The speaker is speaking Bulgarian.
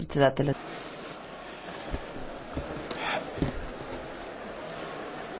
председателят.